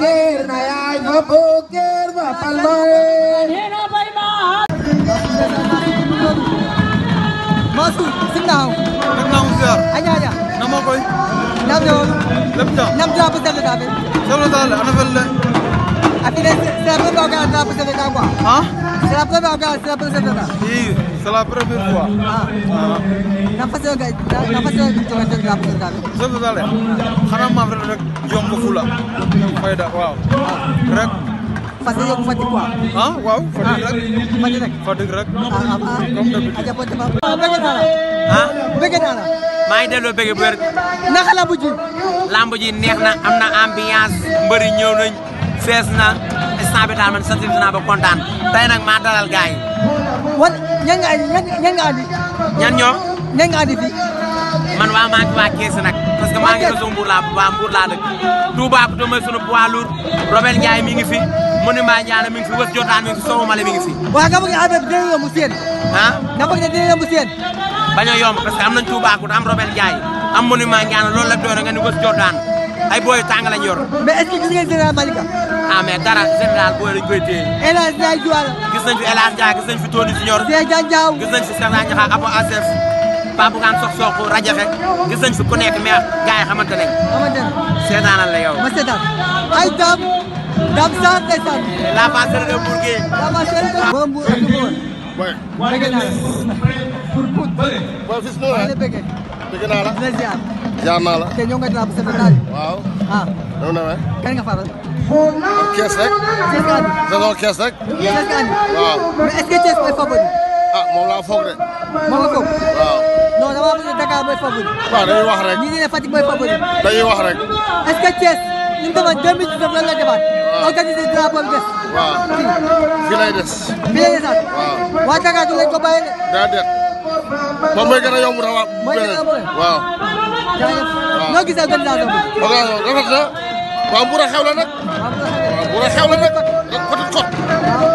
géer na yaay fa pookeer ba palmareer Masou simnaaw def naa mu ziar aja aja na moo koy nam ne woon lépp jàmm nam drapeau Sénégal bi solo daal ana fel le a ah, fi ne c'est la première fois drapeau Sénégal quoi ah c'est la première fois drapeau Sénégal si c'est la première fois ah nafas yooyu nafas yooyu bi joxe dëgg laa bëgg daal. sëñ Saalé xanaa maam rek rek yomb fu rek. parce que yow Fatick ah waaw rek. Fatick rek Fatick ah ah ah, ah jàppoon dafa am. Ah, bëgg naa la. ah bëgg naa la. maa ngi delloo bëgg bu wér. naka lamb ji. na am na ambiance mbër yi ñëw nañ fees na instant bi daal naa ba kontaan tey nag maa dalal gars yi. wan ñan nga ñan ñoo. ñan nga andi fii. man waa maa ngi waa Kees nag. ngi réseau Mbour laa waa Mbour laa dëkk. Toubacouta mooy sunu poids lourd Robert Ndiaye mi ngi fi Monument Ndiané mi fi West Jotaan mi ngi fi Sow Male mi ngi fi. waaw nga bëgg affaire bi dina yomb seen. ah nga bëgg ne dina yomb seen. bañ a yomb am nañ Toubacouta am Robert Ndiaye am Monument Ndiané la doore nga ni West Jotaan ay booy tàng lañ yor. mais est ngeen général Malika. ah mais dara général Pape Bougane sox sox ko rajaxe gis nañ fi ku nekk mais gars yi xamante nañ. xamante nañ ay Dame Dame Sarr ay Sarr. la passerelle de Bourg yi. la passerelle de nga faral. kees ah. rek. kees nga andi. saison laa foog de. la foog waaw. non dama bëgg Dakar mooy favori. waaw dañuy wax rek. ñu ngi ne Fatick mooy favori. dañuy wax rek. est-ce que Thiès li mu defoon 2019 lan la defaat. waaw organisé drapeau bi des. waaw fii lay des. fii lay desaat. waaw waa Dakar du lañ ko bàyyi de. daa det moom mooy gën a yomb rawaat. mooy gën a yomb waaw. jaajëf waaw noo gisee organisation bi. waaw rafet na waaw Mbour a xew la nag. waaw Mbour a xew la nag. côté côte.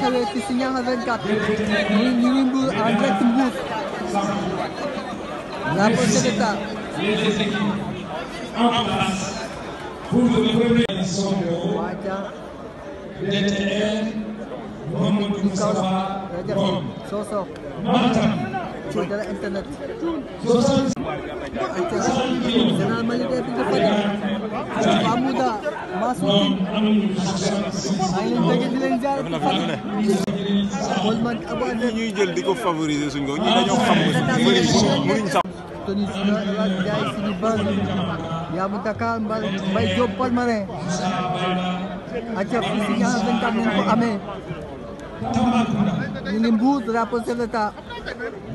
taxawee ci si ñaar 24 muy ñi Mbour en direct Mbour la beauté d'état les équipes en Matam dara internet. général militaire bi dafa def Hamouda Massoudine maa ngi leen bëgg di leen jaar Ousmane Abou Adé ñuy jël di ko favoriser suñ ko ñi dañoo xam mënuñ sax toni sina Elhadj Ndiaye suñu base yaabu Dakar Mbaye Diop Palmarin acca fi si ñaar dañ tam ko amee ñu ni Mbour drapeau chef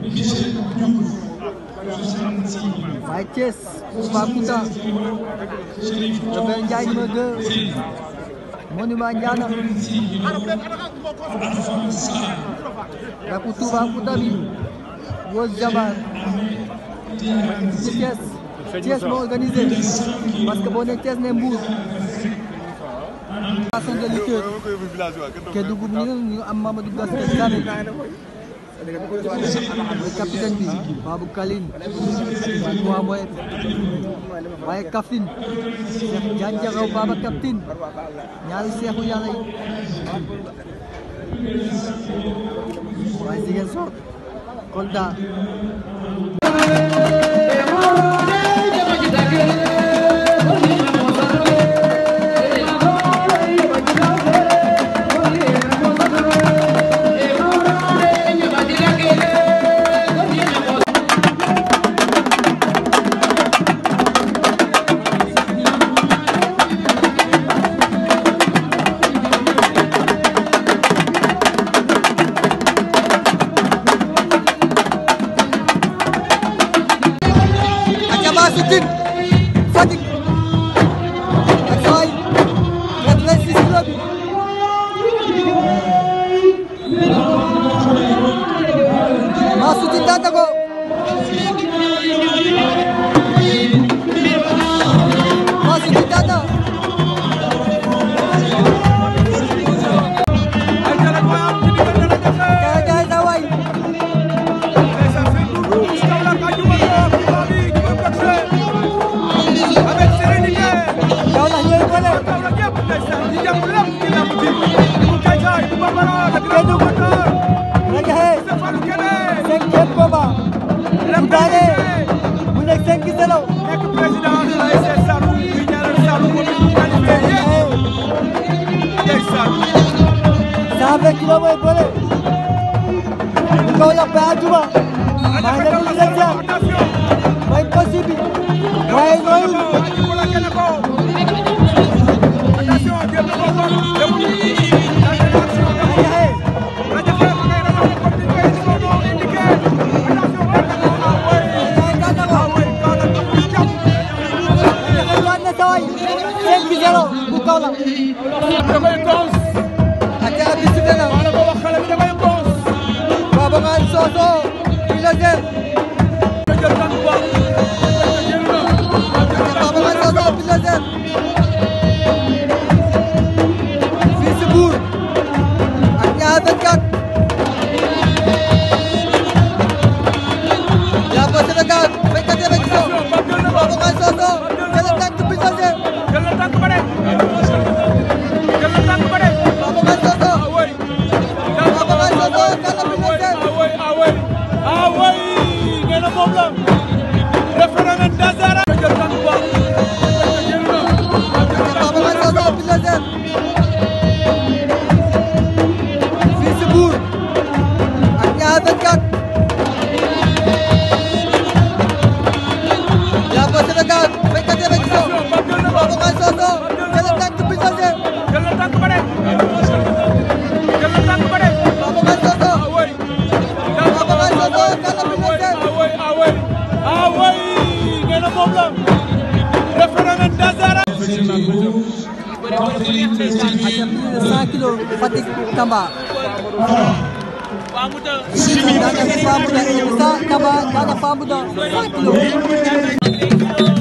Michel Diouf soixante six mille. Baye Thiès Toubacouta Robert Ndiaye numéro 2 Monument Ndiana Raku Toubacouta bi Wos Jabar Thiès Thiès moo organisé parce que boo nee Thiès ne Mbour façon de lutteur Kédougou bi ñu am Mamadou Gaskel Sané capitaine bi Babou Kaline Fatou Mohamed waaye Kaffrine Cheikh Diagne Diakhaw Baba capitaine ñaari seexu yàlla 等等我。ko yoppe ajuma mane ɗum lesjan way possibi waye noyum Thank you. oso, Ah oui, il problème. Fatik Tamba. Famuda, Famuda, Famuda, Famuda, Famuda, Famuda, Famuda,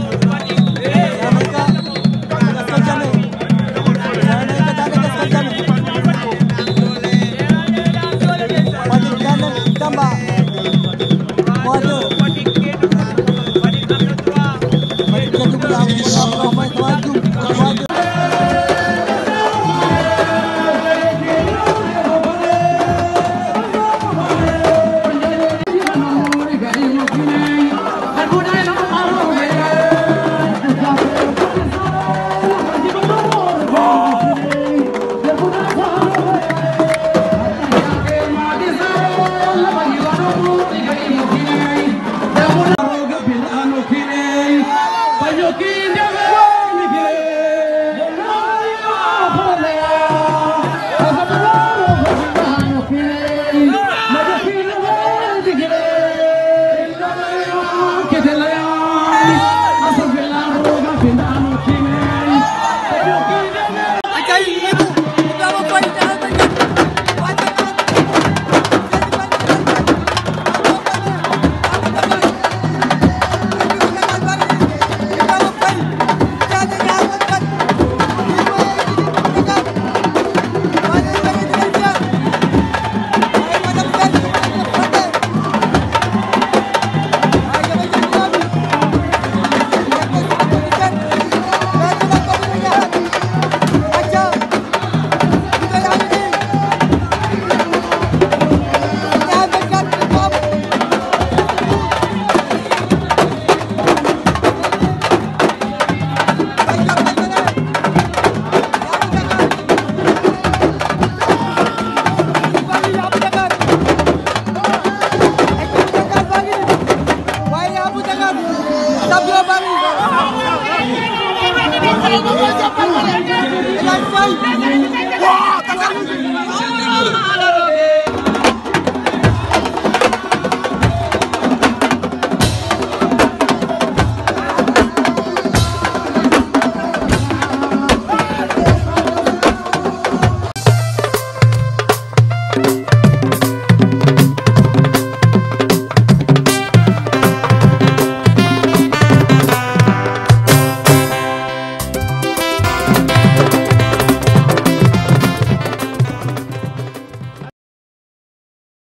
Jangan Tapi apa ni? Wah, tak ada.